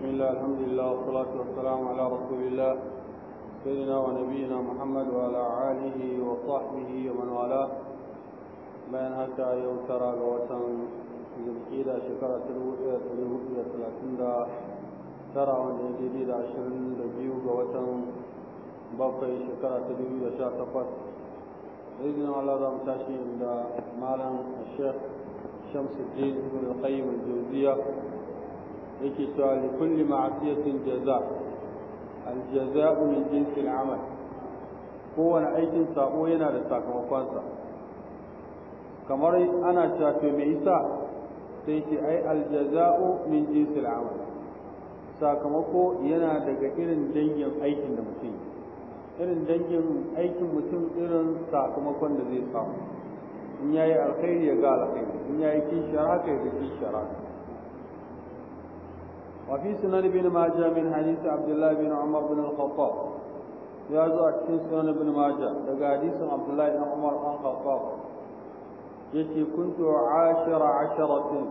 بسم الله الحمد لله والصلاة والسلام على رسول الله سيدنا ونبينا محمد وعلى آله وصحبه ومن والاه بين هكا يوترى غوتان زبكيدا شكرا تلوئة تلوئة ثلاثين دا ترى جديد دا عشرين دا بيو غوتان بقي شكرا تلوئة شاتفت بإذن الله دام تاشي دا مالا الشيخ شمس الدين بن القيم الجوزية yake cewa li kulli ma'asiyatin jaza aljaza'u min jinsil amal kowane aikin sako yana da sakamakonsa kamar ana cewa to me yasa sai yake ai aljaza'u min jinsil amal sakamako yana daga irin dangin aikin da mutum irin dangin aikin mutum irin sakamakon da zai samu in yayi alkhairi ya ga alkhairi in yayi kishiyar haka ya ga kishiyar haka وفي سنن ابن ماجه من حديث عبد الله بن عمر بن الخطاب يا زكي سنن ابن ماجه دغ حديث عبد الله بن عمر بن الخطاب يتي كنت عاشر عشرة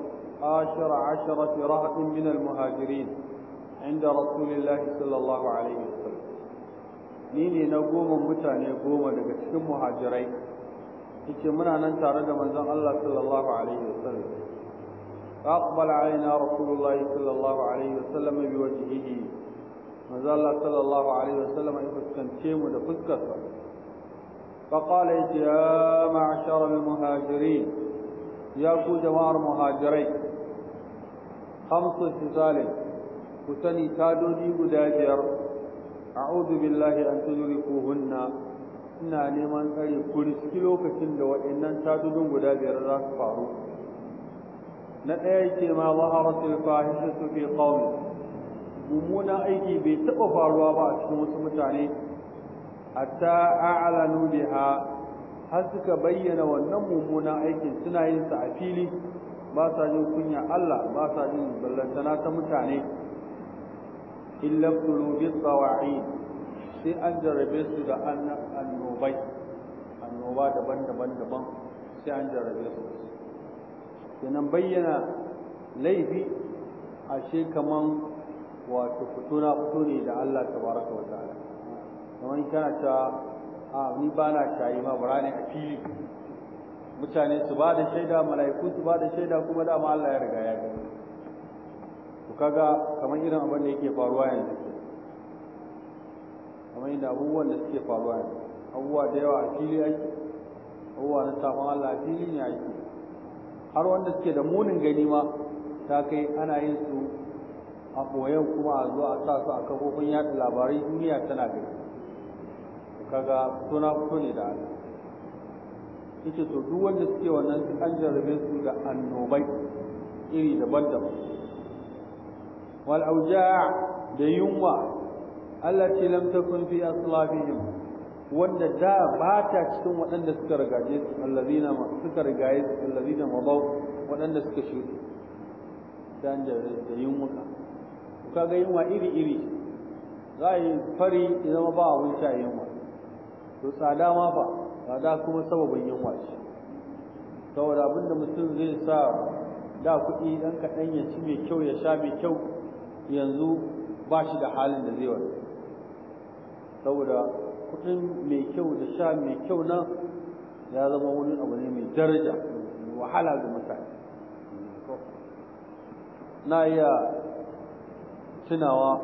عاشر عشرة رهط من المهاجرين عند رسول الله صلى الله عليه وسلم نيني نقوم متاني قوم daga cikin muhajirai yace muna nan tare da manzon Allah sallallahu alaihi wasallam فأقبل علينا رسول الله صلى الله عليه وسلم بوجهه manzo Allah sallallahu alaihi wasallam ya fuskance mu da fuskarsa faqala ya ma'shar al-muhajirin ya ku jama'ar muhajirai khamsu tisali ku sani tadodi guda biyar a'udhu billahi an tudrikuhunna ina neman tsare ku riski lokacin da waɗannan tadodin guda biyar za su faru na ɗaya yake ma zaharatul fahishatu fi qawmi mummunan aiki bai taɓa faruwa ba a cikin wasu mutane hatta a'lanu biha har suka bayyana wannan mummunan aikin suna yin sa a fili ba sa jin kunya Allah ba sa jin ballantana ta mutane illa qulubi tsawa'i sai an jarabe su da annobai annoba daban-daban daban sai an jarabe su kenan bayyana laifi ashe kaman wato fito na fito ne da Allah Ta tabaraka wa ta'ala Kamar kana ta a ni ba na shayi ma bara ne a fili mutane su ba da shaida mala'iku su ba da shaida kuma dama Allah ya riga ya gani to kaga kaman irin abin da yake faruwa yanzu kamar yadda abubuwan da suke faruwa yanzu abubuwa da yawa a fili ake abubuwa na sabon Allah a fili ne ake har wanda suke da munin gani ma ta kai ana yin su a ɓoyen kuma a zuwa a sa su a kafofin yaɗa labarai duniya tana gani kaga suna fito ne da ala. yace to duk wanda suke wannan an jarrabe su da annobai iri daban-daban wal auja' da yunwa ce lamta kun fi aslabihim wanda da ba ta cikin waɗanda suka rigaye su allazina suka rigaye su allazina mabau waɗanda suka shuɗe dan da yin yunwa ka ga yunwa iri iri za a yi fari ya zama ba abin sha wa. to tsada ma ba, tsada kuma sababin yunwa ce saboda abinda mutum zai sa da kuɗi ɗan kaɗan ya ci mai kyau ya sha mai kyau yanzu ba shi da halin da zai wani saboda kudin mai kyau da sha mai kyau nan ya zama wani abu ne mai daraja wahala ga mutane na iya tunawa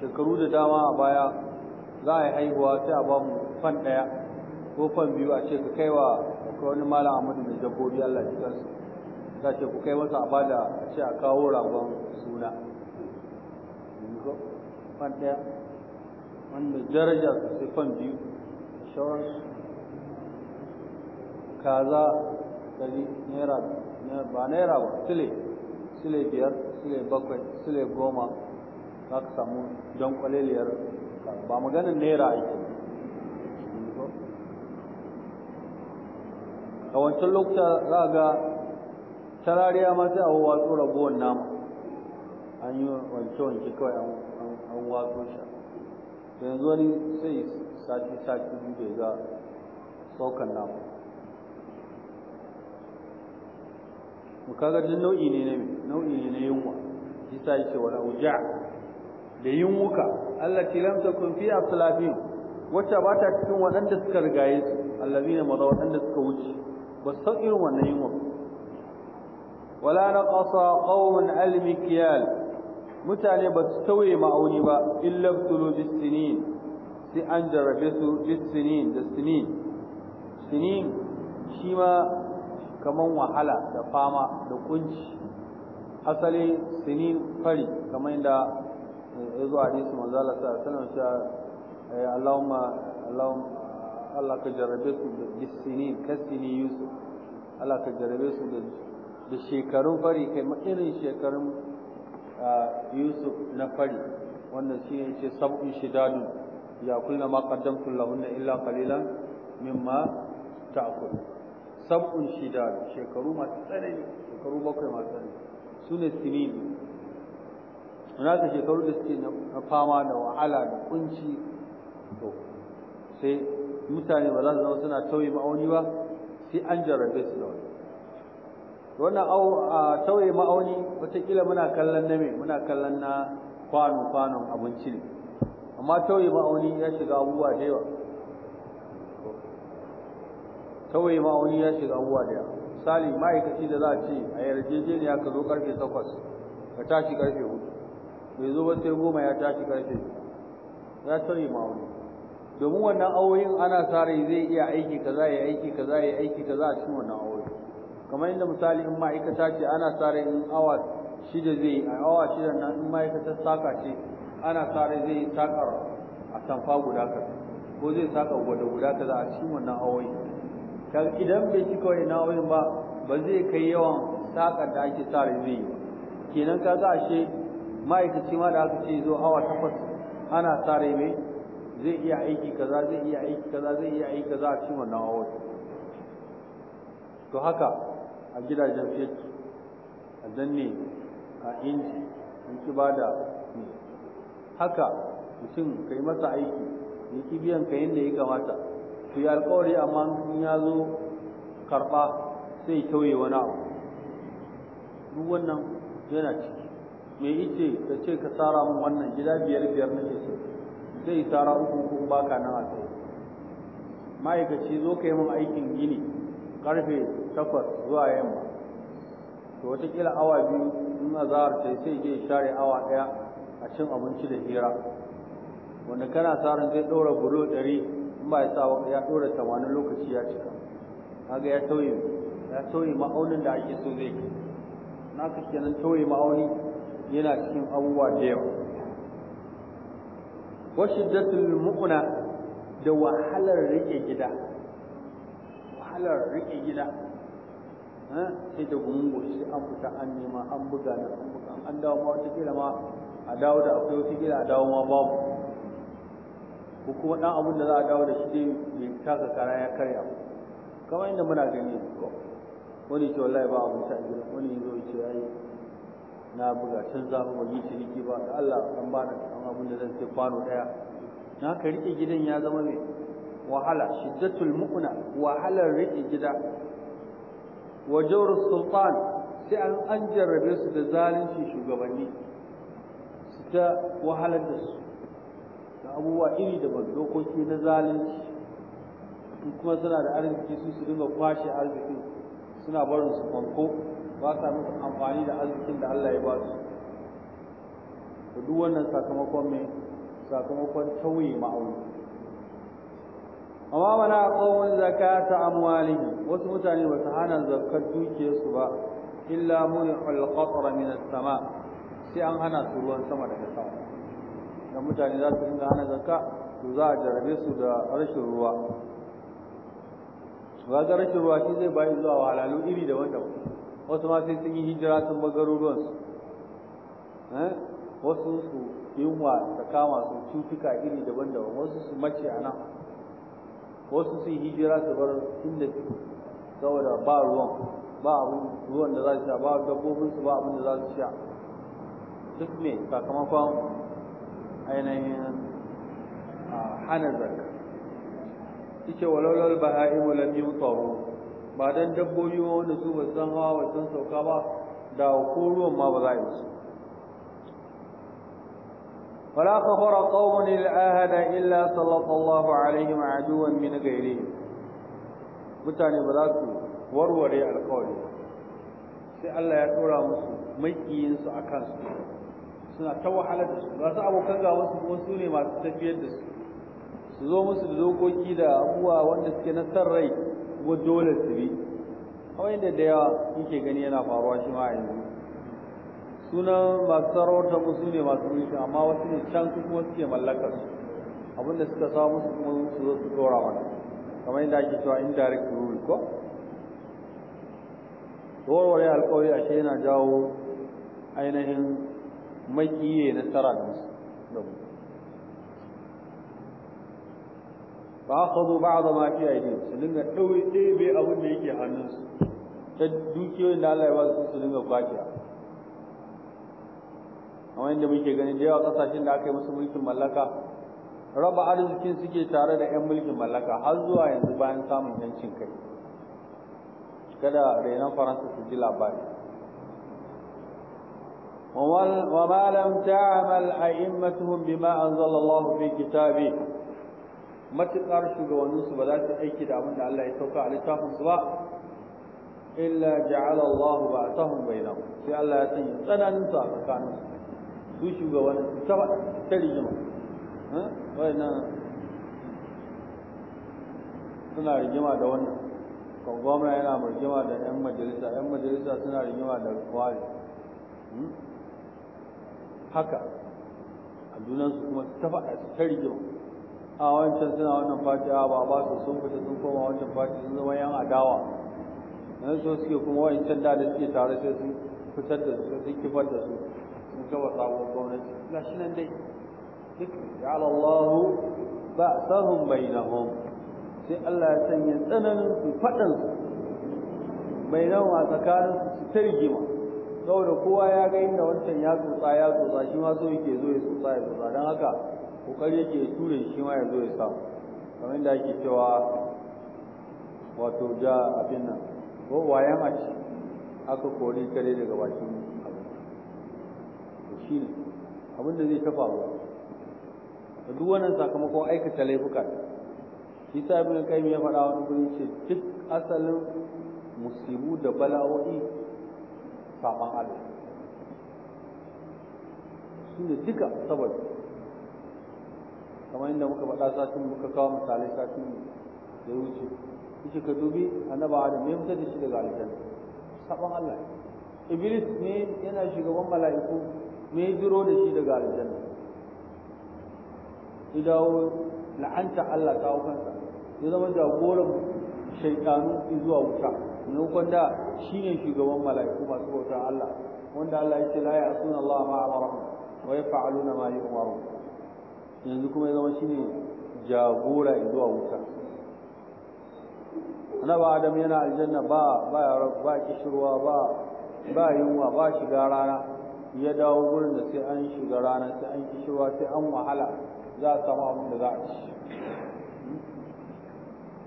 shekaru da dama a baya za a yi haihuwa sai a bamu fan ɗaya ko fan biyu a ce ka kai wa wani malam amadu mai dabbobi allah ya kansu za ce ku kai masa a bada a ce a kawo ragon suna fan ɗaya wanda daraja su sai fan biyu shawararsu kaza dari naira ba naira ba sile sile biyar sile bakwai sile goma za ka samu don kwaliliyar ba maganin naira ake a wancan lokuta za ga tarariya ma sai a watsu ragowar nama an yi wanke-wanke kawai an wato shi da yanzu wani sai sati sati biyu bai ga saukan namu mu kaga din nau'i ne ne nau'i ne na yunwa isa yake wala uja da yunwuka Allah ki lam takun fi aflafin wacce ba ta cikin waɗanda suka rigaye su allazina maza waɗanda suka wuce ba san irin wannan yunwa wala naqasa qawmun al-mikyal mutane ba su tauye ma'auni ba illa tulu bisinin sai an jarabe su bisinin da sinin sinin shi ma kaman wahala da fama da kunci asali sinin fari kamar inda eh, ya zo hadisi manzo Allah sallallahu alaihi wasallam eh, Allahumma Allahumma Allah ka jarabe su da bisinin kasini Yusuf Allah ka jarabe su da shekarun fari kai irin shekarun yusuf na fari wannan shi ne ce sab'un shidadu ya kulna ma qaddamtu na illa min qalilan mimma ta'kul sab'un shidadu shekaru masu tsanani shekaru bakwai masu tsanani su sune sinini naka shekaru da suke na fama da wahala da kunci to sai mutane ba za su zama suna tauye ma'auni ba sai an jarrabe su da wani wannan au tauye ma'auni wataƙila muna kallon na me muna kallon na kwano kwanon abinci ne amma tauye ma'auni ya shiga abubuwa da yawa tauye ma'auni ya shiga abubuwa da yawa misali ma'aikaci da za a ce a yarjejeniya ka zo karfe takwas ka tashi karfe hudu bai zo ba sai goma ya tashi karfe ya tauye ma'auni domin wannan auyin ana sa rai zai iya aiki kaza ya aiki kaza ya aiki kaza a cikin wannan kamar inda misali in ma'aikata ce ana tsara in awa shida zai a awa shida nan in ma'aikata saka ce ana tsara zai sakar a tamfa guda ka ko zai saka gwada guda za a cikin wannan awoyi idan bai cika wani awoyin ba ba zai kai yawan sakar da ake tsara zai yi kenan ka za ashe ma'aikaci ma da aka ce zo awa takwas ana tsara mai zai iya aiki kaza zai iya aiki kaza zai iya aiki kaza a cikin wannan awoyi to haka a gidajen fetur a danne a inji in ki ba da haka mutum ka yi masa aiki ya ki biyan ka yadda ya kamata ku yi alkawari amma in ya zo karɓa sai tauye wani abu duk wannan yana ciki mai ice ka ce ka tsara min wannan gida biyar biyar na so zai tsara uku baka nan a ma'aikaci zo ka yi min aikin gini karfe 8 zuwa yamma to watakila awa biyu in azahar ta sai je share awa ɗaya a cin abinci da hira wanda kana tsarin zai ɗora bulo ɗari in ba ya sa ya ɗora tamanin lokaci ya cika kaga ya tauye ya tauye ma'aunin da ake so zai kai ka kenan tauye ma'auni yana cikin abubuwa da yawa wasu shiddatul mukuna da wahalar rike gida wahalar riƙe gida sai da gungo sai an fita an nema an buga na an buga an dawo ma wata kila ma a dawo da akwai wata kila a dawo ma babu ko kuma dan abin da za a dawo da shi dai mai taka kara ya karya kamar inda muna gani ko wani ce wallahi ba abin sa gida wani yazo ya ce ai na buga can za mu yi ciniki ba da Allah an bani an abin da zan sai kwano daya na ka rike gidan ya zama mai wahala shiddatul muqna wahalar riƙe gida wa sultan sai an an jarrabe su da zalunci shugabanni su ta wahalar da su da abubuwa iri da dokoki na zalunci kuma suna da arziki su su dinga kwashe arziki suna barin su fanko ba sa musu amfani da arzikin da Allah ya ba su duk wannan sakamakon mai sakamakon tauye ma'auni amma mana qawmun zakata amwali wasu mutane ba su hana duke su ba illa muni alqatra min as-sama sai an hana su ruwan sama daga sama dan mutane za su dinga hana zakka to za a jarabe su da rashin ruwa ba ga rashin ruwa shi zai bayi zuwa wahalalu iri daban-daban wasu ma sai sun yi hijira sun ba garuruwansu eh? wasu su yunwa da kama su cutuka iri daban-daban wasu su mace a nan wasu sun yi hijira su bar inda su saboda ba ruwan ba abin ruwan da za su sha ba dabbobin su ba abin da za su sha duk ne sakamakon ainihin hana ba yake walaular baha'im lam yutaru ba dan dabbobi wanda su ba san hawa ba san sauka ba da ko ruwan ma ba za a yi su ولا كفر قوم العهد إلا سلط الله عليهم عدوا من غيرهم mutane ba za su warware alkawari sai Allah ya tura musu su a kansu suna ta wahala da su ba su abokan ga wasu kuma su ne masu tafiyar da su su zo musu da dokoki da abubuwa wanda suke na san rai kuma dole su bi kawai da da yawa yake gani yana faruwa shi ma a yanzu sunan masu sarautar musu ne masu mulki amma wasu ne can su kuma suke mallakar su abinda suka samu su kuma su zo su dora mana kamar yadda ake cewa direct rule ko warware alkawari ashe yana jawo ainihin makiye na tara da musu da mu fa akhadhu ba'd ma fi aydihim su dinga ɗaube abin da yake hannunsu ta dukiyoyin da Allah ya ba su su dinga kwakiya kamar yadda muke ganin da yawa kasashen da aka yi musu mulkin mallaka raba arzikin suke tare da 'yan mulkin mallaka har zuwa yanzu bayan samun yancin kai kada renon faransa su ji labari وما لم تعمل أئمتهم بما أنزل الله في كتابه matuƙar shugabanninsu ba za su aiki da abin da Allah ya sauka a littafinsu ba illa ja'ala Allahu ba'tahum bainahum sai Allah ya sanya tsananin su a tsakaninsu su shugabanni su ta faɗa ta rigima wayannan suna rigima da wannan kan gwamna yana rigima da 'yan majalisa 'yan majalisa suna rigima da kwari hmm? haka a junansu kuma su ta su ta rigima a wancan suna wannan fati a ba ba su sun fita sun koma wancan fati sun zama yan adawa na so suke kuma wancan da da suke tare sai sun fitar da su sun kifar da su sabuwar gwamnati ga shi nan dai duk ja'ala Allah ba'sahum bainahum sai Allah ya sanya tsananin su fadan bainahum a tsakanin su ta rigima saboda kowa ya ga inda wancan ya tsotsa ya tsotsa shi ma so yake zo ya tsotsa ya tsotsa don haka kokari yake ture shi ma ya zo ya samu kamar yadda ake cewa wato ja abin nan ko wayan a aka kori kare daga bakin shine abin da zai ta a duk wannan sakamakon aikata laifuka shi sa ibn qayyim ya faɗa wani guri ce duk asalin musibu da bala'o'i saban Allah shine duka saboda kamar inda muka faɗa satin muka kawo misalai satin da ya wuce shi ka dubi annaba adam me fitar da shi daga aljanna saban Allah iblis ne yana shugaban mala'iku me jiro da shi daga aljanna dawo la'anta Allah ta kansa ya zama jagoran shaytanu zuwa wuta ne shi shine shugaban mala'iku masu bautar Allah wanda Allah yake la ya'sun Allah ma amara wa yaf'aluna ma yu'maru yanzu kuma ya zama shine jagora zuwa wuta annabi Adam yana aljanna ba ba ba kishirwa ba ba yunwa ba shiga rana ya dawo gurin da sai an shiga rana sai an kishiwa sai an wahala za a samu abin da za a ci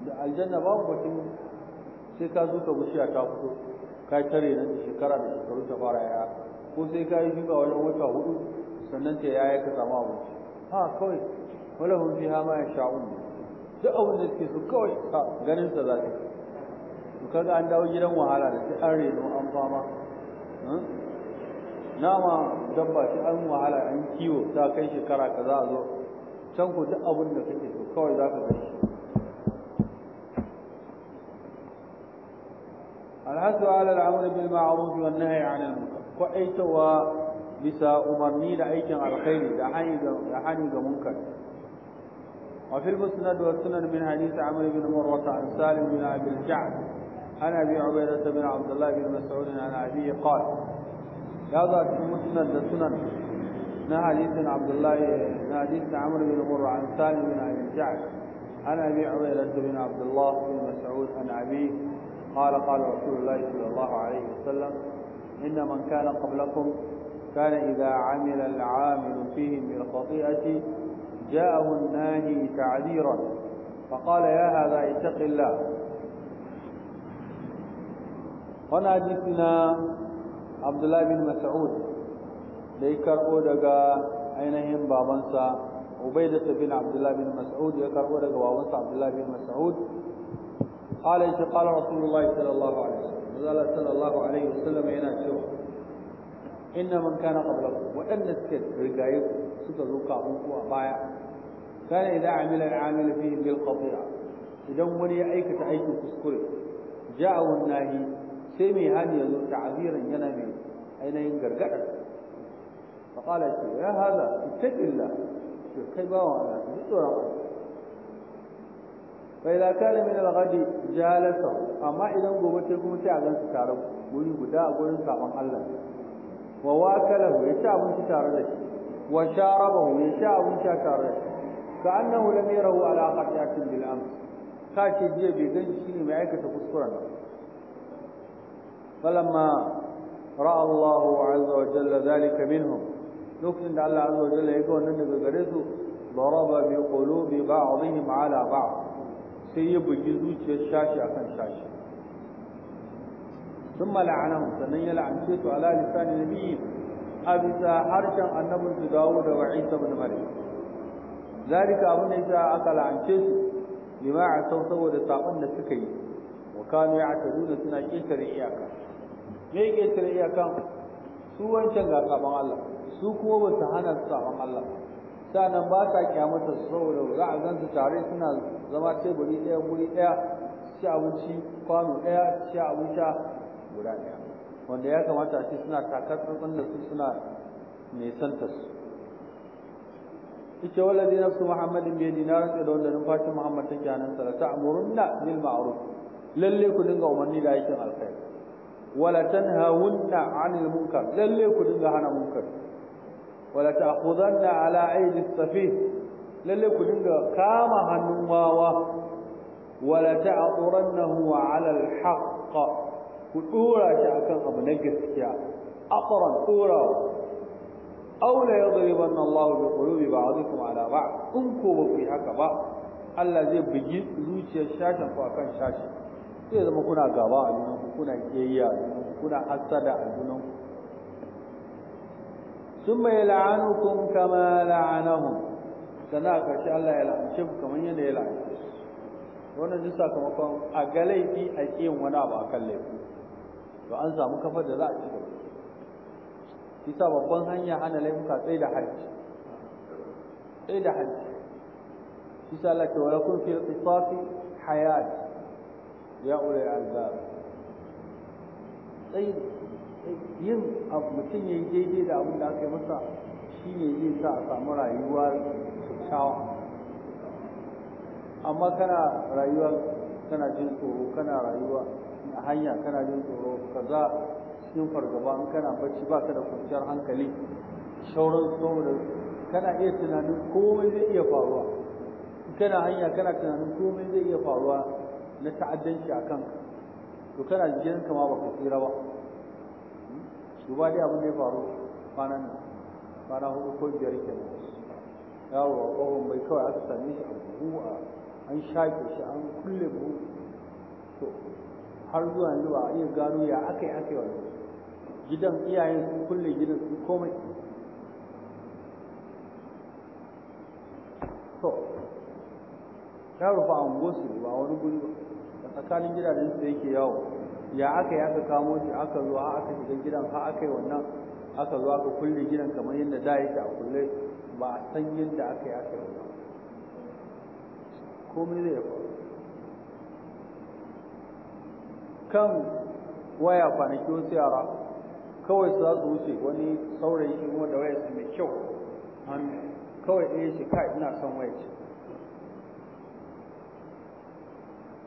da aljanna babu mutum sai ka zo ka bushiya ta fito ka tare nan da shekara da shekaru ta fara yaya ko sai ka yi shiga wajen wata hudu sannan ta yaya ka samu abinci ha kawai wala hun fiha ma yasha'un duk abin da suke so kawai ka ganin sa za ka ga an dawo gidan wahala da sai an reno an fama hmm? nama dabba shi an mu ala an kiwo ta kai shekara ka za zo can ku duk abin da kake so kawai zaka ga shi alhasu ala al'amr bil ma'ruf wan nahy 'an al munkar ko aita wa bisa umarni da aikin alkhairi da hani ga da hani ga munkar wa fil musnad wa sunan min hadith amr بن مرة an salim بن abi al-ja'd ana bi بن عبد abdullah بن mas'ud an abi qala هذا في مسند السنن نا حديث عبد الله نا حديث عمرو بن مر عن سالم بن ابي جعفر عن ابي عبيده بن عبد الله بن مسعود عن ابيه قال قال رسول الله صلى الله عليه وسلم ان من كان قبلكم كان اذا عمل العامل فيهم بالخطيئه جاءه الناهي تعذيرا فقال يا هذا اتق الله هنا حديثنا abdullahi bin mas'ud da ya karbo daga ainihin babansa ubaida bin abdullahi bin mas'ud ya karbo daga babansa abdullahi bin mas'ud قال إيش قال رسول الله صلى الله عليه وسلم قال صلى الله عليه وسلم هنا شو إن من كان قبلكم وأن السكت رجعيب ستذوق أبوه أبايا كان إذا عمل العامل فيه بالقطيعة إذا ولي أيك تأيك كسكري جاء والناهي سمي هذه تعذيرا ينامي ainihin gargadar faƙala ce ya haza ittaqilla to kai bawan Allah ji tsoron Allah fa idza kana min al-ghadi jalasa amma idan gobe ta kuma sai a gansu tare guri guda a gurin saban Allah wa wakalahu ya ci abinci tare da shi wa sharabahu ya ci abinci tare da shi ka annahu lam yarahu ala qati'atin bil amr ka ce jiya bai ganshi shine mai aikata kuskuren nan falamma رأى الله عز وجل ذلك منهم لكن الله عز وجل يقول أنه قريسه ضرب بقلوب بعضهم على بعض سيب زوجي الشاشة عن شاشة ثم لعنهم سنن يلعن شيء على لسان النبي أبسا حرشا النبي داود وعيسى بن مريم ذلك أبن إذا أقل عن شيء لما عصوا سوى لطاقن سكي وكانوا يعتدون سنة إيكر إياكا me yake tare iyakan su wancan ga saban Allah su kuma ba su hana su saban Allah nan ba sa kyamata saboda za a gansu tare suna zama teburi ɗaya guri ɗaya ci abinci kwano ɗaya ci abinci guda ɗaya wanda ya kamata a ce suna takar tsantsan da su suna nesanta su ita dina su muhammadin bi dinar na da wanda numfashin muhammad take hannun da la ta'murunna bil ma'ruf lalle ku dinga umarni da aikin alkhairi wala tanhawunna 'anil munkar lalle ku dinga hana munkar wala ta'khudanna 'ala aydis safih lalle ku dinga kama hannun wawa wala ta'qurannahu 'ala al-haqq ku dora shi akan abu na gaskiya aqran dora aw la yadribanna Allahu bi qulubi ba'dikum 'ala ba'd in ko ba ku haka ba Allah zai bugi zuciyar shashin ku akan shashin sai zama kuna gaba a junanku kuna kiyayya a junanku kuna hasada a junanku mai la'anukun kama la'anahu sannan a ƙarshe Allah ya la'ance ku kamar yadda ya la'ance su wannan ji sakamakon a ga laifi a ƙiyin wani abu a kan laifi to an samu kafar da za a ci shi sa babban hanya hana laifuka tsaye da hajji tsaye da hajji isa Allah ce wa yakun fi tsafi hayati ya ulai albab sai yin mutum ya yi daidai da abin da aka yi masa shi ne zai sa a samu rayuwa kyakkyawa amma kana rayuwa kana jin tsoro kana rayuwa a hanya kana jin tsoro kaza cikin fargaba in kana bacci ba ka da kwanciyar hankali shauran saboda kana iya tunanin komai zai iya faruwa kana hanya kana tunanin komai zai iya faruwa na ta'addanci a kanka to kana jikin ma baka tsira ba duba dai abin da ya faru kwanan nan kwana hudu ko biyar kenan yaro a ƙofar bai kawai aka same shi a buhu a an shaƙe shi an kulle buhu to har zuwa yanzu ba a iya gano ya aka yi aka yi wani gidan iyayen sun kulle gidan sun komai to yaro fa an gosu ba wani guri ba tsakanin gidajen su yake yawo ya aka yi aka kamo shi aka zo a aka shiga gidan ha aka yi wannan aka zo aka kulle gidan kamar yadda da yake a kulle ba a san yadda aka yi aka yi wannan komai zai faru kan waya kwanaki wasu yara kawai su za su wuce wani saurayi shi kuma da wayarsa mai kyau kawai ɗaya eh, shi kai ina son ce.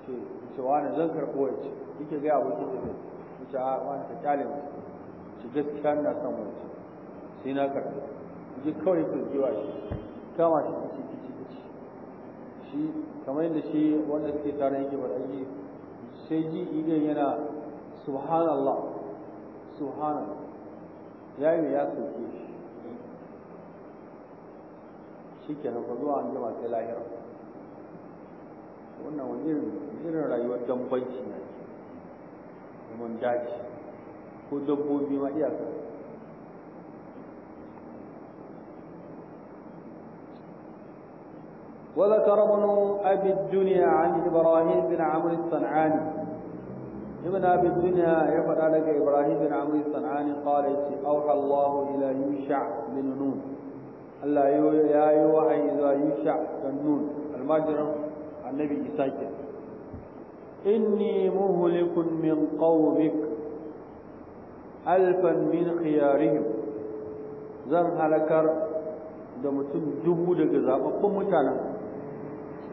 ce ce wani zan karɓo ya ce yake gaya abokin da zai ce a wani ka kyale mu ce gaskiya na san mu sai na karɓo ji kawai ku jiwa shi kama shi kici kici kici shi kamar yadda shi wanda suke tare yake ba aiki sai ji idan yana subhanallah subhanallah ya yi ya soke shi shi kenan fa zuwa an jima sai lahira wannan wani irin rayuwar dambanci na ce daji ko dabbobi ma iyaka وذكر ابن أبي الدنيا عن إبراهيم بن عمرو الصنعاني ابن أبي الدنيا يفعل لك إبراهيم بن عمرو الصنعاني قال أوحى الله إلى يوشع بن نون الله يا يوحي إلى يوشع بن نون المجرم annabi isa ke inni muhlikun min qaumik alfan min khiyarihim zan halakar da mutum dubu daga zababbun mutanen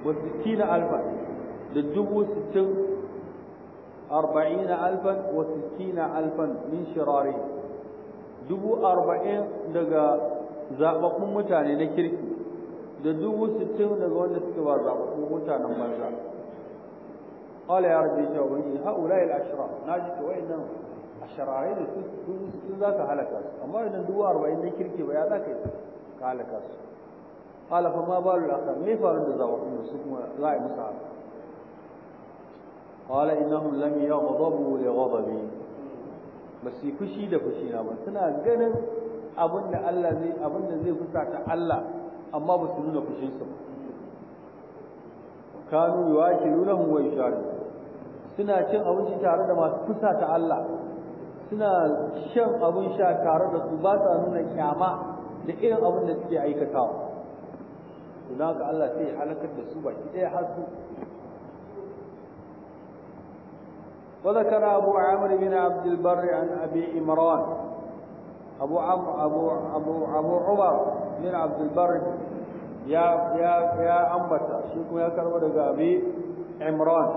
wa sittina alfan da dubu sittin arba'ina alfan wa sittina alfan min shirari dubu arba'in daga zababbun mutane na kirki da dubu sittin daga wanda suke ba zaɓaɓɓu mutanen banza qala ya rabbi ta ubangi haula al ashra naji to nan ashrarai da su su zaka halaka su amma idan dubu arba'in na kirki ba ya ka yi ka halaka su qala fa ma balu al akhar me faru da zaɓaɓɓu su kuma za a yi musu haka qala innahum lam yaghdabu li ghadabi basu fushi da fushi na ba suna ganin abin da Allah zai abin da zai fusata Allah amma ba su nuna fushinsu ba kanu yuwakilunahu wa yusharu suna cin abinci tare da masu kusa ta Allah suna shan abin sha tare da su ba sa nuna kyama da irin abin da suke aikatawa don ka Allah sai ya halakar da su baki ɗaya har su وذكر أبو عمرو بن عبد البر عن أبي إمران أبو عمرو أبو أبو أبو عمر من عبد البر يا يا يا أمتا شيكم يا كربر أبي عمران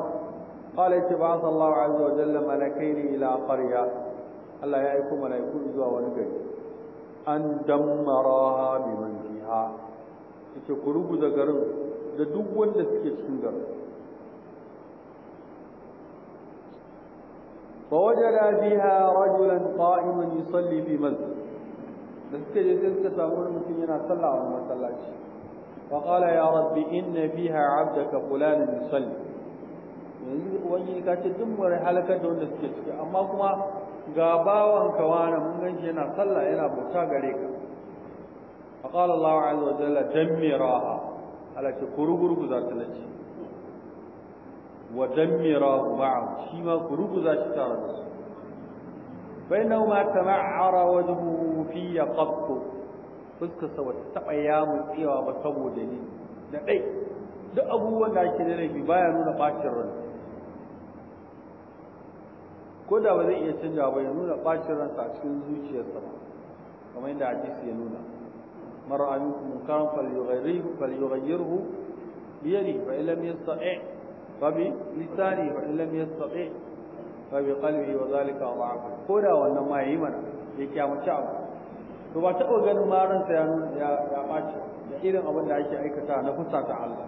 قال اتبعث الله عز وجل ملكين إلى قرية الله يأيكم ولا يكون إذوا ونقل أن دمراها بمن فيها إذا قلوب ذكر لدوب والذكي الشنجر فوجد فيها رجلا قائما يصلي في مسجد da suka je sai suka samu wani mutum yana sallah a wani masallaci wa qala ya rabbi inna fiha abdaka fulan yusalli yanzu wani ka ce duk mu halakar da wanda suke ciki amma kuma ga bawan kawana mun gan shi yana sallah yana bauta gare ka fa qala Allahu azza wa jalla dammiraha ala ce kurugurgu za ta lace wa dammirahu ma'a shi ma kurugurgu za shi tare da su فإنه ما تمعر وجهه في قط فسك سوى تبع يام إيوا بسو دليل دقي ده أبو وقعش دليل في بيانو نباشر رنس كودا وذي يتنجع بيانو نباشر رنس عشان زوشي السماء كما عند عجيس ينونا مرعى منكم منكرا فليغيره فليغيره بيده فإن لم يستطع فبلسانه فإن لم يستطع fa qalbi wa zalika da'afu ko da wannan ma yayi mana ya kiyamace abu to ba ta ogan ma ta yanu ya ya baci da irin abin da ake aikata na kusa ta Allah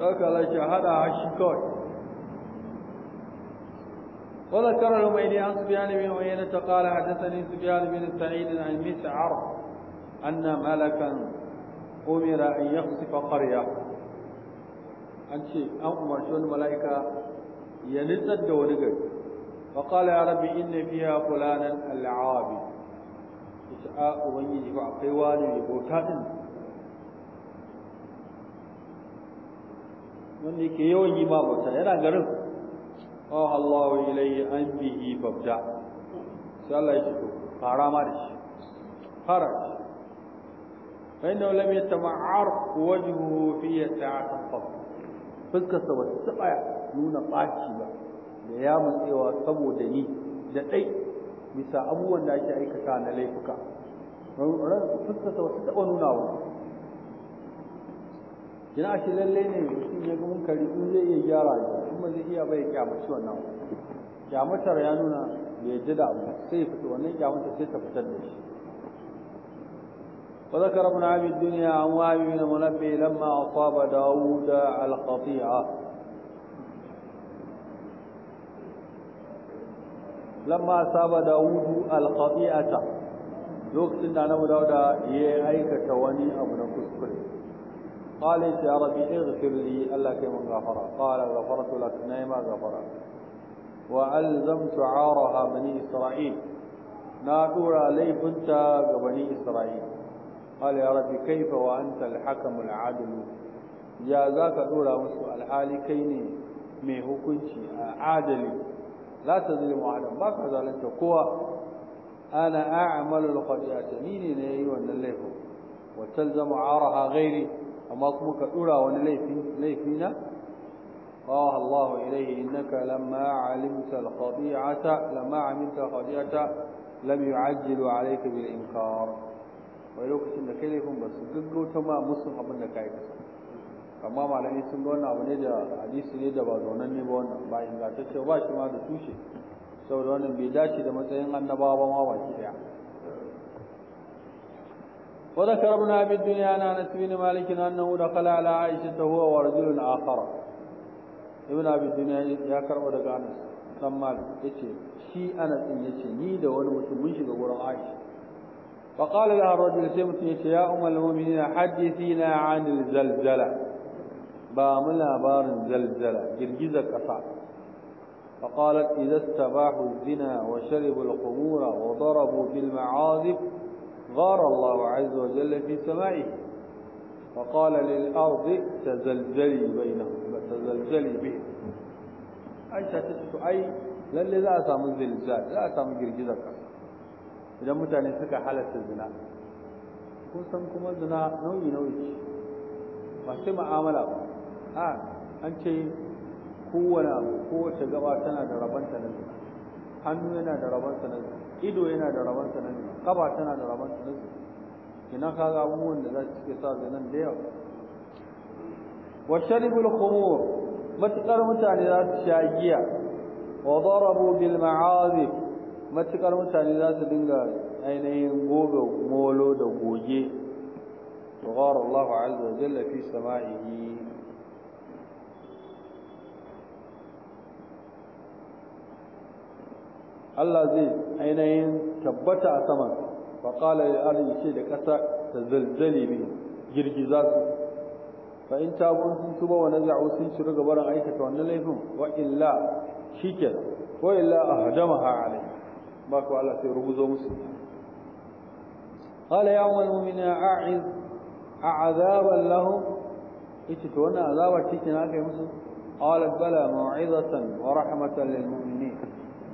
saka la hada shi wala karar mai ne kawai وذكر الهميدي عن سفيان بن عيينة قال حدثني سفيان بن سعيد عن مسعر أن ملكا أمر أن يخسف an ce an umarci wani mala'ika ينزل دولك فقال يا ربي إن فيها فلانا العاب إسعاق ومن يجب قوان يبوتات من يكيو يما بوتا يرى قرر أوه الله إلي أن به فبدع سأل الله يشكو قارا مارش خارج فإنه لم يتمعر وجهه في ساعة فضل فلسكة سوى السقايا nuna ɓaci ba da ya matsewa saboda ni da ɗai bisa abubuwan da ake aikata na laifuka fuskarsa wasu taɓa nuna wa Ina ashe lalle ne mutum ya ga munkari in zai iya gyara shi kuma zai iya bai kyamaci wannan kyamatar ya nuna bai yadda da abu sai ya fito wannan kyamatar sai ta fitar da shi وذكر ابن عبد الدنيا عن وهب بن منبه لما أصاب داود القطيعة lamma asaba dawudu alqati'ata lokacin da annabi dauda ya aikata wani abu na kuskure qala ya rabbi ighfir li allah kai mun gafara qala ghafartu lak naima gafara wa alzamtu araha bani isra'il na dora laifinta ga bani isra'il qala ya rabbi kaifa wa anta alhakamu aladil ya zaka dora musu alhali kai ne mai hukunci adali لا تظلم أحدا باك ظالمت قوة أنا أعمل لقد يأتميني نيي ونليه وتلزم عارها غيري أما أطمك أولى ونليفينا قال الله إليه إنك لما علمت الخطيعة لما عملت الخطيعة لم يعجل عليك بالإنكار ولو كنت لكليكم بس قلت ما مصنع ابنك عيكسا amma malami sun ga wannan abu ne da hadisi ne da ba zaunan ne ba wannan ba ingantacce ba shi ma da tushe saboda wannan bai dace da matsayin annabawa ba ma baki daya وذكر na ابي الدنيا عن انس da مالك انه Aisha, ta عائشه هو ورجل اخر ابن ابي الدنيا ya كربو daga Anas dan Malik yace shi Anas din yace ni da wani mutum mun shiga gurin Aisha فقال لها الرجل سيمت يا ام المؤمنين حدثينا عن الزلزله باملا بار زلزلة جرجزة كفا فقالت إذا استباحوا الزنا وشربوا الخمور وضربوا بالمعاذب غار الله عز وجل في سمائه فقال للأرض تزلزلي بينهم تزلزلي به أي تتسو أي للي لا أسام الزلزال لا أسام جرجزة إذا متعني سكا حالة الزنا كنتم كما الزنا نوي نوي ما سمع عملا a an ce kowane abu kowace gaba tana da rabanta na zunubi hannu yana da rabanta na zunubi ido yana da rabanta na zunubi kaba tana da rabanta na zunubi kina kaga abubuwan da za su cike sa zanen da yawa wa sharibul khumur matukar mutane za su sha giya wa darabu bil ma'azif matukar mutane za su dinga ainihin goga molo da goge wa ghara Allahu azza wa jalla Allah zai ainihin tabbata a saman fa qala lil ardi ce da ƙasa ta zalzale bi girgiza su fa in tabu sun tuba wa naza'u sun shiru gabaran aikata wannan laifin wa illa shike ko illa a ahdamaha alai ba ko Allah sai rubuzo musu qala ya ummul mu'minina a'iz a'azaban lahum ita to wannan azaba cikin aka yi musu qalat bala mau'izatan wa rahmatan lil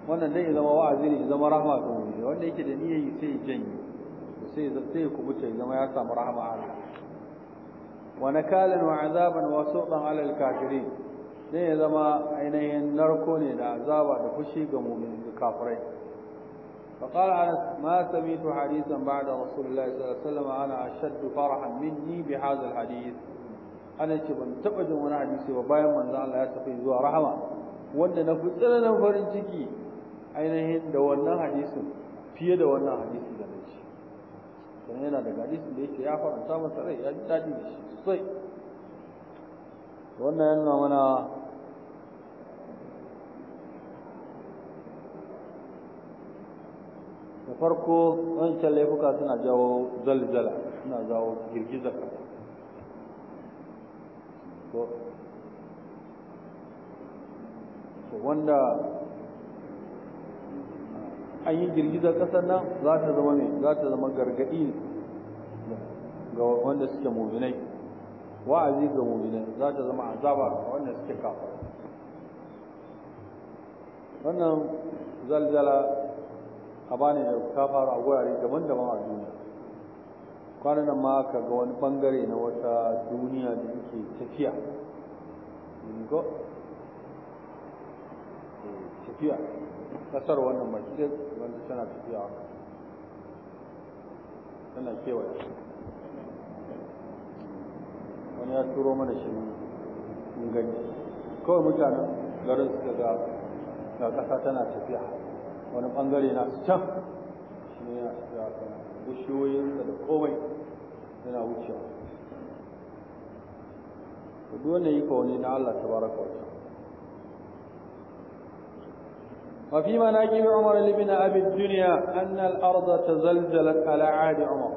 wannan dai ya zama wa'azi ne ya zama rahama ga wani wanda yake da niyyar sai ya janye sai sai ya kubuta ya zama ya samu rahama Allah wa nakalan wa azaban wa suqan ala al-kafirin sai ya zama ainihin narko ne da azaba da fushi ga mu'minin da kafirai فقال أنس ما سمعت حديثا بعد رسول الله صلى الله عليه وسلم أنا أشد فرحا مني بهذا الحديث أنا كبن تبدو من حديثي وبايا من الله يتقي ذو رحمة وأن نفسنا نفرن تكي ainihin da wannan hadisin fiye da wannan hadisin da nake dan yana da hadisin da yake ya faranta masa rai ya ji dadi da shi sosai wannan yana mana da farko wancan laifuka suna jawo zalzala suna jawo girgizar wanda an yi girgizar ƙasar nan za ta zama mai za ta zama gargaɗi ga wanda suke mubinai wa'azi ga mubinai za ta zama azaba ga wanda suke kafa wannan zalzala a bani da ta faru a wurare daban-daban a duniya kwanan nan ma ka ga wani bangare na wata duniya da yake tafiya eh, tafiya kasar wannan masjid wanda tana tafiya haka tana kewaye wani ya turo mana shi mun gani kawai mutanen garin su ga ga kasa tana tafiya wani bangare na su can shi ne yana tafiya kan bushiyoyinsa da komai yana wucewa duk wanda yi ka na Allah baraka wa ta'ala وفي مناقب عمر لابن أبي الدنيا أن الأرض تزلزلت على عهد عمر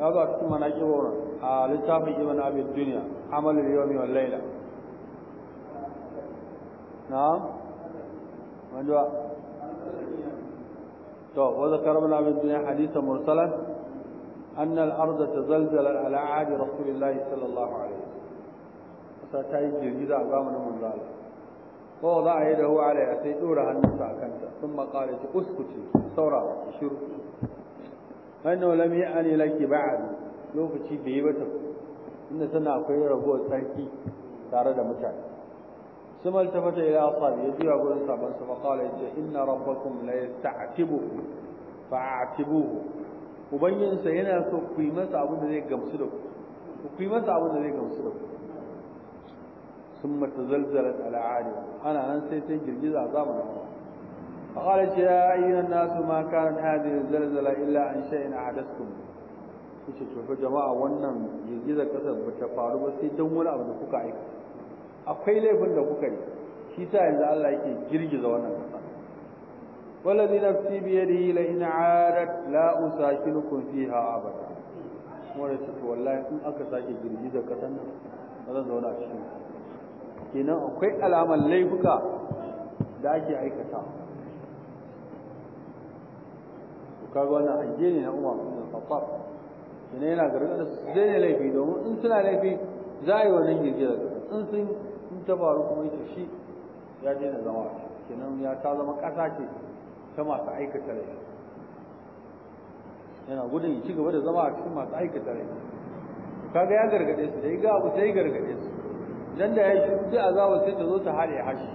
هذا في مناقب عمر آه، لتافي ابن أبي الدنيا عمل اليوم والليلة نعم من جوا طيب وذكر ابن أبي الدنيا حديثا مرسلا أن الأرض تزلزلت على عهد رسول الله صلى الله عليه وسلم ستأتي جرجزة أقامنا من ذلك فوضع يده عليها سيدورها النساء كنت ثم قال اسكتي ثورة شروع فإنه لم يأني لك بعد لو كتي بيبتك إن سنة أخير ربوة تركي تارد متعب ثم التفت إلى أصابي يدير أبو الإنسان فقال إن ربكم لا يستعتبه فاعتبوه وبين سينا سوف قيمة أبو الذي قمسلك وقيمة أبو الذي قمسلك sun mata zalzalar al'adu ana nan sai ta girgiza a zamanin ba a ƙwarar ce ya ayyuan nasu ma karin hadin zalzala illa a hadaskun kuce tofa jama'a wannan girgizar ƙasar ba ta faru ba sai don wani abu da kuka aika akwai laifin da kuka yi shi ta yanzu allah yake girgiza wannan ƙasa والذي نفسي بيده لئن عادت لا أساكنكم فيها أبدا ورسلت والله إن أكساك جرجيزة كتن هذا زونا الشيء kenan akwai alamar laifuka da ake aikata to kaga wannan hanje ne na umar bin khattab kenan yana gargaɗa su zai ne laifi domin in suna laifi za a yi wannan girgizar in sun in ta faru kuma yake shi ya daina zama kenan ya ta zama ƙasa ce ta masu aikata laifi yana gudun ya ci gaba da zama a cikin masu aikata laifi kaga ya gargaɗe su da ya ga abu sai gargaɗe su dan da ya shi azaba sai ta zo ta hare hashi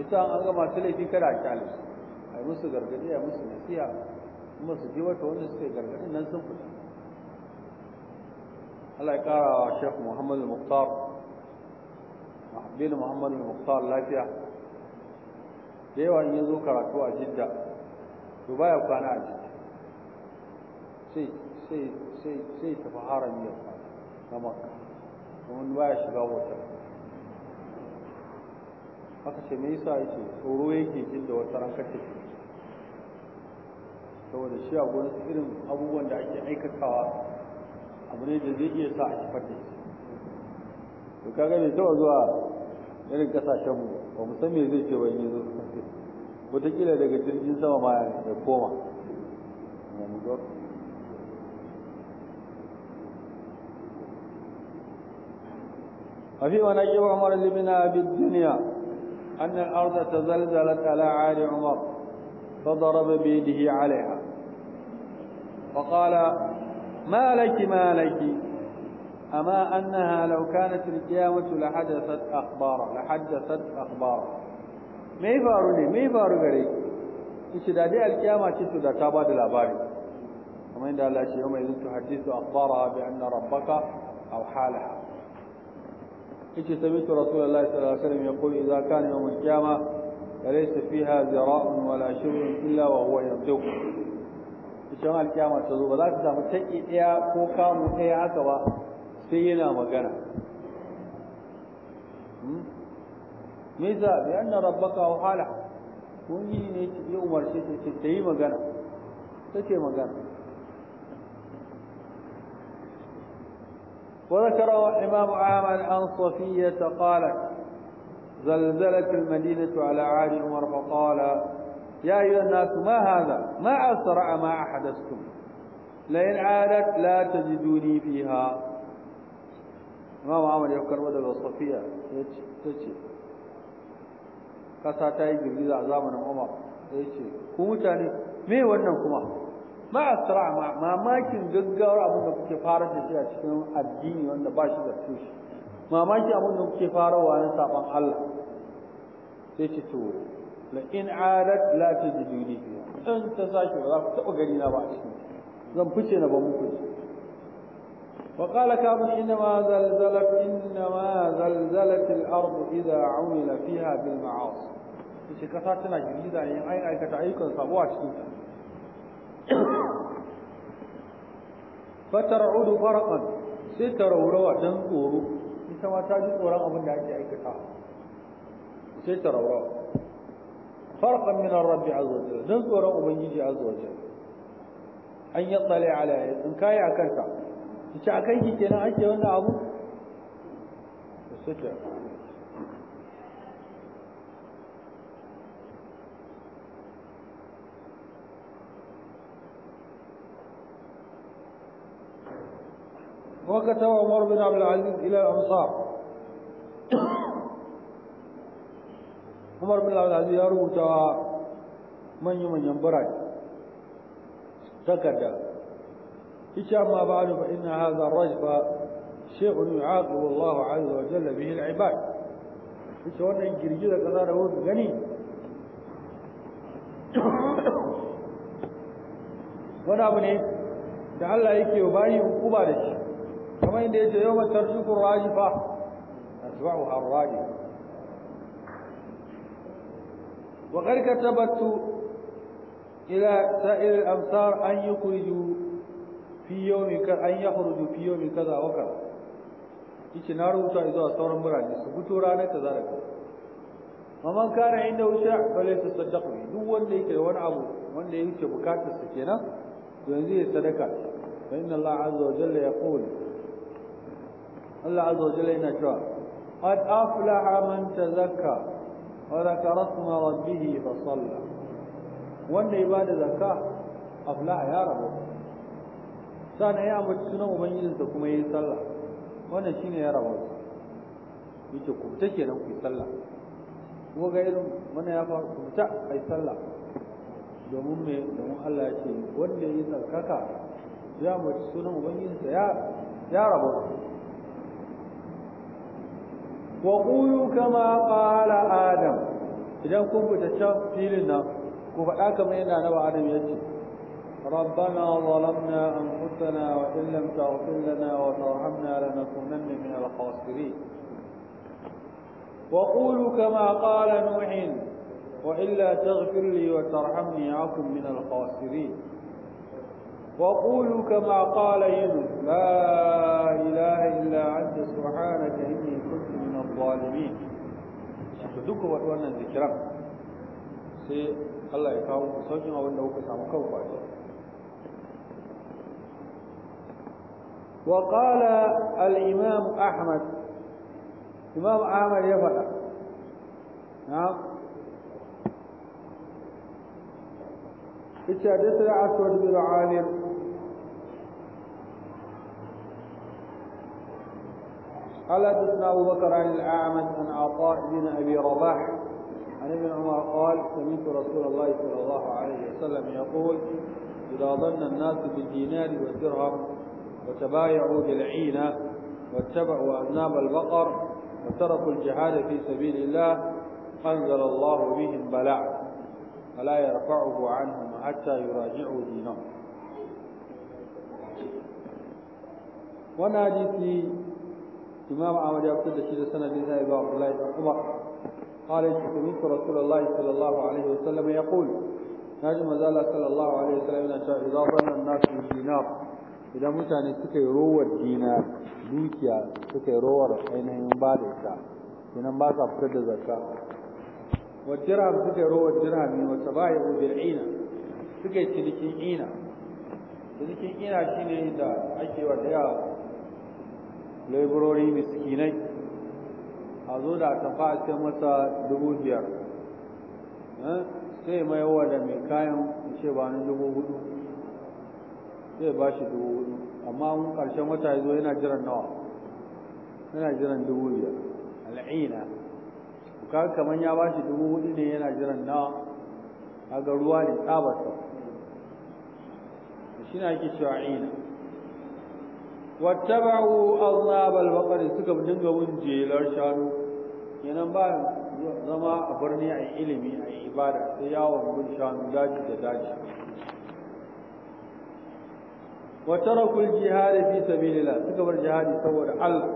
yasa an ga masu laifi kada a kyale su ai musu gargadi ai musu nasiha kuma su ji wata wanda suke gargadin nan sun fita Allah ya kara wa Sheikh Muhammad Al-Muqtar Mahbin Muhammad Al-Muqtar lafiya da yawa in karatu a Jidda to ya kwana a Jidda sai sai sai sai ta fara yau ga Makka Wani ba ya shiga wata aka ce me yasa yake tsoro yake jin da wata ranka take saboda shi a su irin abubuwan da ake aikatawa abu ne da zai iya sa a shi fata shi to kaga bai taba zuwa irin kasashen mu ba mu san me zai ce ba yanzu zo wataƙila daga jirgin sama ma ya koma وفي ونجي عمر لبنا بالدنيا أن الأرض تزلزلت على عال عمر فضرب بيده عليها فقال ما لك ما لك أما أنها لو كانت القيامة لحدثت أخبارا لحدثت أخبارا ما يفعلوا لي ما يفعلوا لي إيش دا دي القيامة تسو دا تابد الأباري ومن دا الله شيء يوم إذن تحدث أخبارها بأن ربك أو حالها إيش سمعت رسول الله صلى الله عليه وسلم يقول إذا كان يوم القيامة فليس فيها ذراء ولا شر إلا وهو يمسك إشان القيامة تزوب لا تسامى تكي إيا كوكا مهيا عكوا سينا مغانا ميزا بأن ربك أوحالح كوني نيجي يوم شيء تكي مغانا تكي مغانا وذكره الإمام أحمد عن صفية قالت زلزلت المدينة على عاد عمر فقال يا أيها الناس ما هذا ما أسرع ما أحدثتم لئن عادت لا تجدوني فيها إمام أحمد يذكر بدل صفية تجي kasa ta yi girgiza a zamanin Umar sai ce ku mutane me wannan kuma ma asra ma mamakin gaggawar abin da kuke fara da shi a cikin addini wanda ba shi da tushe Mamakin abin da kuke wa na saban Allah sai ce to la in adat la tajiduni in ta sake ba za ku taba gani na ba a cikin zan fice na ba muku وقال كعب إنما زلزلت إنما زلزلت الأرض إذا عمل فيها بالمعاصي. إيش كثرت نجيزة يعني أي أي كتعيق صبوات كذا. fatar'udu farqan sai ta raurawa dan tsoro ita ma ta ji tsoron abin da ake aikata sai ta raurawa farqan min ar-rabbi azza wa jalla dan tsoron ubangiji azza wa jalla an yattali ala in kai akan ta ce akan ki kenan ake wannan abu sai ta وكتب عمر بن عبد العزيز إلى الأنصار عمر بن عبد العزيز يروتا من يمن ينبرك تكدا ما بعد فإن هذا الرجف شيء يعاقب الله عز وجل به العباد ita وانا girgi جدا كذا da غني وانا ابني abu ne da Allah kamar yadda yake yau matar shukun rajifa a zuwa raji wa karka tabbatu ila sa'ir amsar an yukhriju fi yawmin ka an yakhruju fi yawmin kaza wa kaza yace na rubuta zuwa sauran birane su fito ranar ta zara kai mamman kare inda wusha su saddaqu duk wanda yake da wani abu wanda yake bukatar sa kenan yanzu ya sadaka fa inna Allah azza wa jalla Allah azza wa jalla yana cewa qad aflaha man tazakka wa zakara isma rabbih fa salla wanda ya bada zakka aflaha ya rabu sana ya ambaci sunan ubangijinsa kuma yayi sallah wannan shine ya rabu yake ku ta kenan ku yi sallah kuma ga irin wannan ya faru ku ta ai sallah domin me domin Allah ya ce wanda yi tsarkaka ya mace sunan ubangijinsa ya rabu وقولوا كما قال آدم إذا كنت kun لنا can filin nan ku faɗa ربنا ظلمنا أنفسنا وإن لم تغفر لنا وترحمنا لنكونن من الخاسرين وقولوا كما قال نوح وإلا تغفر لي وترحمني أكن من الخاسرين وقولوا كما قال يونس لا إله إلا أنت سبحانك إني الظالمين فدوك وقوانا الذكرى سي الله يكاوم بسوكي ما وانده وكسام كوفا وقال الإمام أحمد إمام أحمد يفعل نعم إذا دسر عسود بن عالم قال حدثنا أبو بكر عن الأعمش عن عطاء بن أبي رباح عن ابن عمر قال سمعت رسول الله صلى الله عليه وسلم يقول إذا ظن الناس بالدينار والدرهم وتبايعوا بالعينة واتبعوا أذناب البقر وتركوا الجهاد في سبيل الله أنزل الله بهم بلاء فلا يرفعه عنهم حتى يراجعوا دينهم وناديتي imam ahmad ya fitar da shi da sanadin sa ga abdullahi ibn umar qala sami'tu rasulullahi sallallahu alaihi wasallam yaqul naji manzo Allah sallallahu alaihi sallam, ina cewa idza dhanna nan nas bi dinar idan mutane suka yi rowar dina dukiya suka yi rowar ainihin ba da ita kenan ba sa fitar da zakka wa dirham suka yi rowar dirhami wa tabayu bil ina suka yi cinikin ina cinikin ina shine da ake wa da laiburori miskinai a zo da tafa a ce masa dubu biyar eh, sai mai yawa da mai kayan ce ba ni dubu hudu sai ba shi dubu hudu amma mun ƙarshen wata ya zo yana jiran nawa yana jiran dubu biyar al'ina kaga kamar ya ba shi dubu hudu ne yana jiran nawa kaga ruwa ne tabata shi ne ake cewa ina wattaba'u azabal baqari suka dinga bin jelar shanu kenan ba zama a birni a ilimi a ibada sai yawon bin shanu daji da daji wa tarakul jihad fi sabilillah suka bar jihadi saboda Allah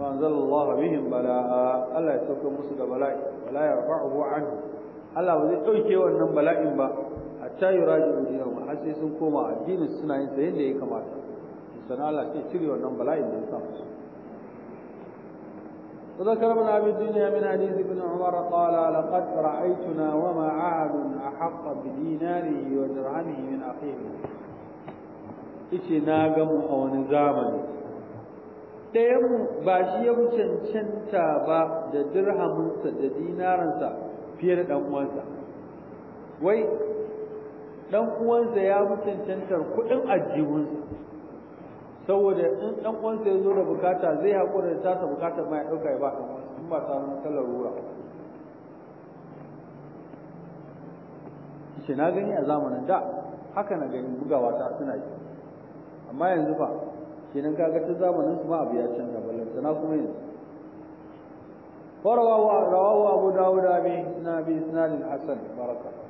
ma anzalallahu bihim bala'a Allah ya sauka musu da bala'i wala yarfa'uhu anhu Allah ba zai dauke wannan bala'in ba hatta yuraji dinahum har sai sun koma addinin suna yin sa yadda ya kamata sana Allah sai cire wannan bala'in da ya sa musu وذكر ابن ابي الدنيا من حديث ابن عمر قال لقد رايتنا وما عاد احق بديناره ودرهمه من اخيه ice na gamu a wani zamani ɗayanmu ba shi ya cancanta ba da dirhaminsa da dinaransa fiye da ɗan uwansa wai ɗan uwansa ya fi kuɗin ajihunsa saboda in ɗan uwansa ya zo da bukata zai haƙura da tasa bukatar ma ya ɗauka ya ba ɗan uwansa in ba samun matsalar ruwa ce na gani a zamanin da haka na gani bugawa ta suna yi amma yanzu fa kenan kaga ta zamanin su ma abu ya canza ballanta na kuma yanzu farawa wa rawawa abu dawud abi na bi isnad Hassan, hasan baraka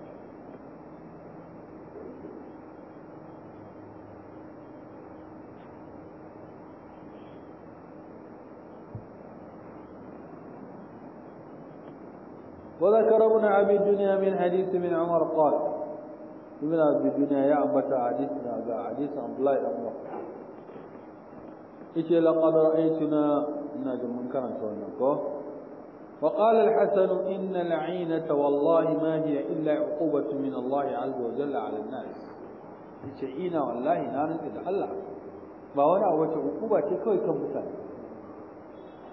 وذكر ابن أبي الدنيا من حديث من عمر قال ابن أبي الدنيا يعبت حديثنا أبا حديث عبد الله بن اشي لقد رأيتنا نجم من كان شونكو وقال الحسن إن العينة والله ما هي إلا عقوبة من الله عز وجل على الناس إيش عينة والله نانس إذا الله ما هو abu wace hukuma ce لو kan mutane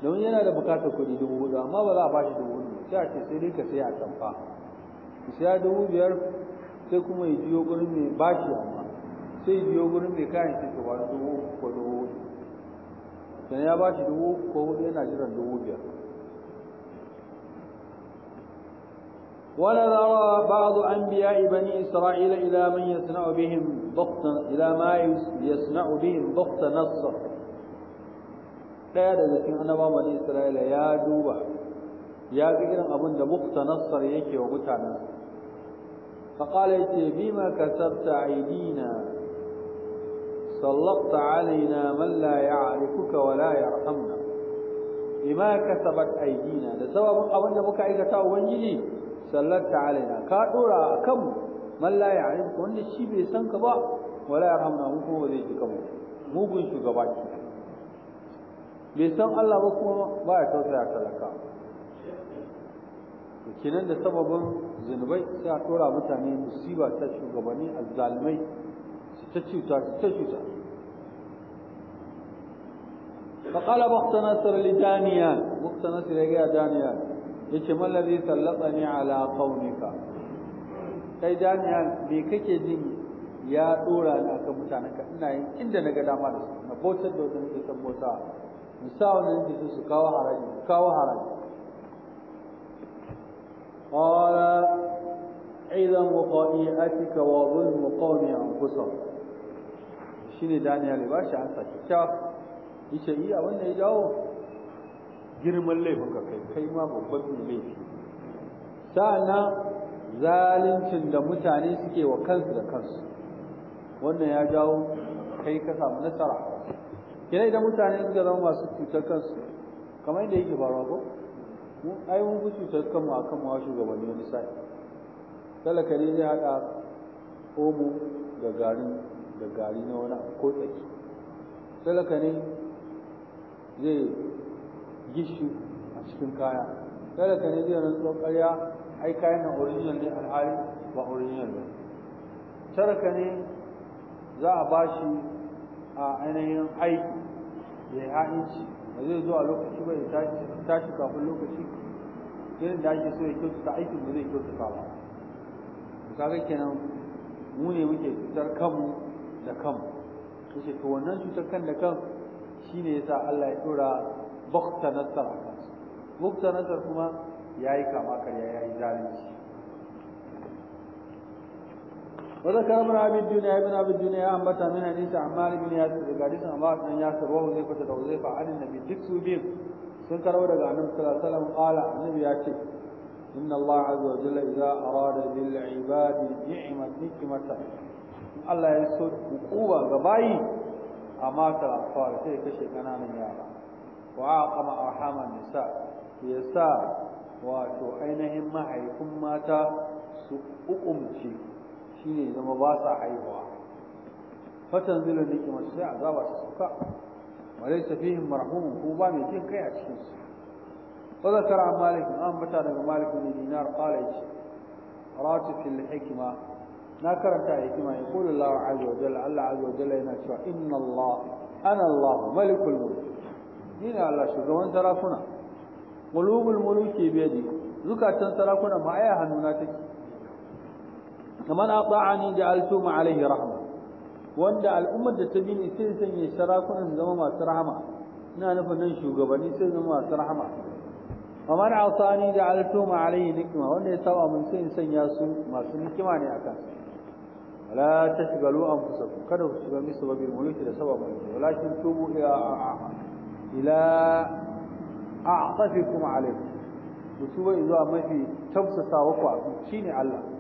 domin yana da bukatar kuɗi sai sai dai ka sai a tamfa ki siya dubu biyar sai kuma ya jiyo gurin mai bashi amma sai ya jiyo gurin mai kayan shi ka wani dubu ko dubu hudu sannan ya bashi dubu ko hudu yana jiran dubu biyar ولن أرى بعض أنبياء بني إسرائيل إلى من يصنع بهم ضغط إلى ما يصنع بهم ضغط نصر لا يدرك أن بني إسرائيل يا دوبا ya ga irin abin da muktanassar yake wa mutanen فقال يتي بما كسبت عيدينا سلقت علينا من لا يعرفك ولا يرحمنا بما كسبت عيدينا da sababin abin da muka aikata wa wangiji sallat alaina ka dora kan man la ya'rifu wanda shi bai san ka ba wala yarhamna mu kuma zai shiga mu mugun shugaba ki bai san Allah ba kuma ba ya tausaya talaka to da sababin zunubai sai a tora mutane musiba ta shugabanni azzalmai su ta cuta su ta cuta فقال وقت نصر لدانيال وقت نصر يا دانيال yace man ladhi sallatani ala qaumika kai daniel me kake jin ya dora ni akan ka. ina yin inda naga dama da su na bautar da wannan nake san bauta musa wannan su kawo haraji kawo haraji قال عظم طبيعتك وظلم قوم انفسهم shine Daniel shi an ansa kyakkyaf yace a wannan ya jawo girman laifin ka kai kai ma babban laifi sa'anna zaluncin da mutane suke wa kansu da kansu wannan ya jawo kai ka samu nasara kina idan mutane suka zama masu cutar kansu kamar yadda yake faruwa ko mu ai mun fi cutar kanmu a kan mawa shugabanni wani sa'i talaka ne zai haɗa omo da garin da gari na wani ko tsaki talaka ne zai gishi a cikin kaya talaka ne zai rantsuwar ƙarya ai kayan na original ne alhali ba original ba talaka ne za a bashi a ainihin aiki da ya ha'inci ba zai zo a lokaci ba ya tashi kafin lokaci irin da ake so ya kyautata aikin ba zai kyautata ba kaga kenan mu ne muke cutar kanmu da kanmu yace to wannan cutar kan da kan shine yasa Allah ya dora bakta nasar a kansu bakta nasar kuma yayi kama karya yayi zalunci وذكر ابن ابي الدنيا ابن ابي الدنيا انبت من حديث عمار بن ياسر حديث عمار بن ياسر وهو زيفة وزيفة عن النبي دكسو بهم sun karo daga annabi sallallahu alaihi wasallam qala annabi ya ce inna Allah azza wa jalla idza arada bil ibadi ni'mat nikmatan Allah ya so hukuma ga bayi amma ta fara sai kashe kananan yara wa aqama arhama nisa yasa wato ainihin mahaifin mata su hukumce shi ne zama ba sa haihuwa fatan zilu nikima sai azaba ta sauka walai safihim marhumun ko ba mai jin kai a cikin su wa a malik an bata daga malik ne dinar qala yace qara'tu fil hikma na karanta hikima ya qulu allah azza wa jalla allah azza wa jalla yana cewa inna allah ana allah malikul mulk dina allah shugaban sarakuna mulubul muluki biyadi zukatan sarakuna ma aya hannuna take man ata'ani ja'altu ma alaihi rahma wanda al'ummar da ta bi ne sai sanya sarakunan zama masu rahama ina nufin nan shugabanni sai zama masu rahama wa man asani da ma alaihi nikma wanda ya saba mun sai sanya su masu nikima ne a akan wala tashgalu anfusakum kada ku shiga misu babil mulki da sababa walakin tubu ila ila a'tafikum alaikum ku tuba zuwa mafi tafsasa wa ku shine Allah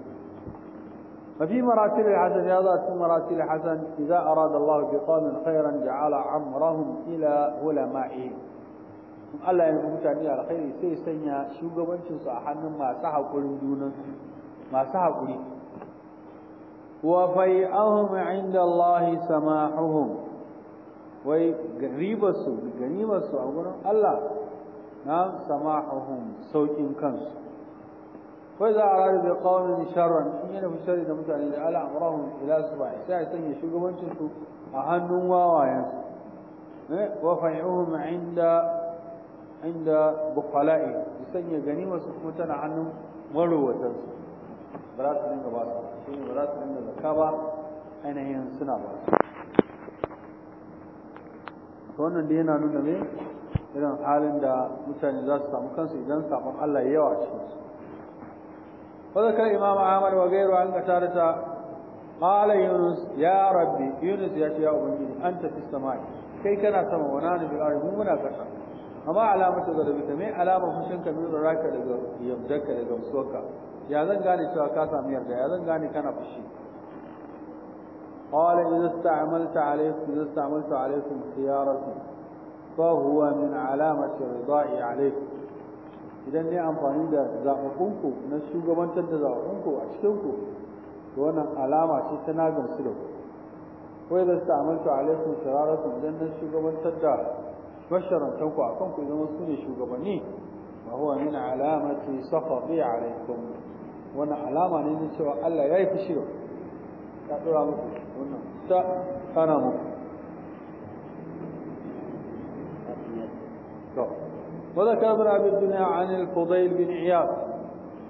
ففي مراتب الحسن هذا في مراتب الحسن إذا أراد الله بقوم خيرا جعل عمرهم إلى علمائهم Allah ya mutane alkhairi sai sanya shugabancin su a hannun masu hakurin junan masu hakuri wa fai'ahum 'inda Allah samahuhum wai ribarsu su a gurin Allah na samahuhum saukin kansu fa za a rada bai kawon sharran in yana fi da mutane da ala amurahun ila su ba sai a sanya shugabancin a hannun wawayen su wa fa'i'uhum inda inda bukhala'i su sanya ganimar su tana hannun marowatan ba za su dinga ba ne ba su dinga zakka ainihin suna ba su wannan da yana nuna ne irin halin da mutane za su samu kansu idan sabon Allah yawa cikin su وذكر إمام أحمد وغيره عن قتادة قال يونس يا ربي يونس يا شيخ أبنجي أنت في السماء كي كان سما ونحن في الأرض مو amma alamata zarabika me alamar fushinka min raka daga yabdaka da gamsuwarka ya zan gane cewa ka sami yarda ya zan gane kana fushi qala idza sta'malta alaykum idza sta'malta fa huwa min alamati ridai alaykum idan ne amfani da zaɓaɓɓunku na shugabantar da zaɓaɓɓunku a cikinku to wannan alama ce ta na gamsu da ku ko idan ta amalta alaikum shararatun idan na shugabantar da basharantanku a kanku idan su ne shugabanni ma huwa min alamati safafi alaikum wannan alama ne na cewa Allah ya yi fushi da ku ya ɗora muku wannan ta tana muku وذكر ابن أبي الدنيا عن الفضيل بن عياض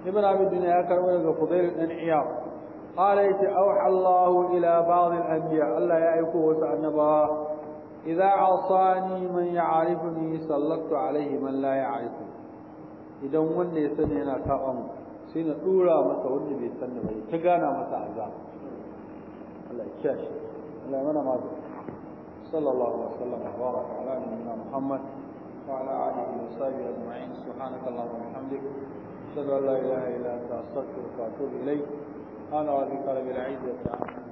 ابن أبي الدنيا كان الفضيل بن عياض قال أوحى الله إلى بعض الأنبياء الا يعرفه وسأنبا إذا عصاني من يعرفني سلطت عليه من لا يعرفني إذا من يسنينا كأم سين أولى مسعود بيسن بي تقانا مسع عذاب الله يكشف الله يمنى ما صلى الله وسلم وبارك على نبينا محمد وعلى آله وصحبه أجمعين سبحانك اللهم وبحمدك أشهد أن لا إله إلا أنت أستغفرك وأتوب إليك قال ربك رب العزة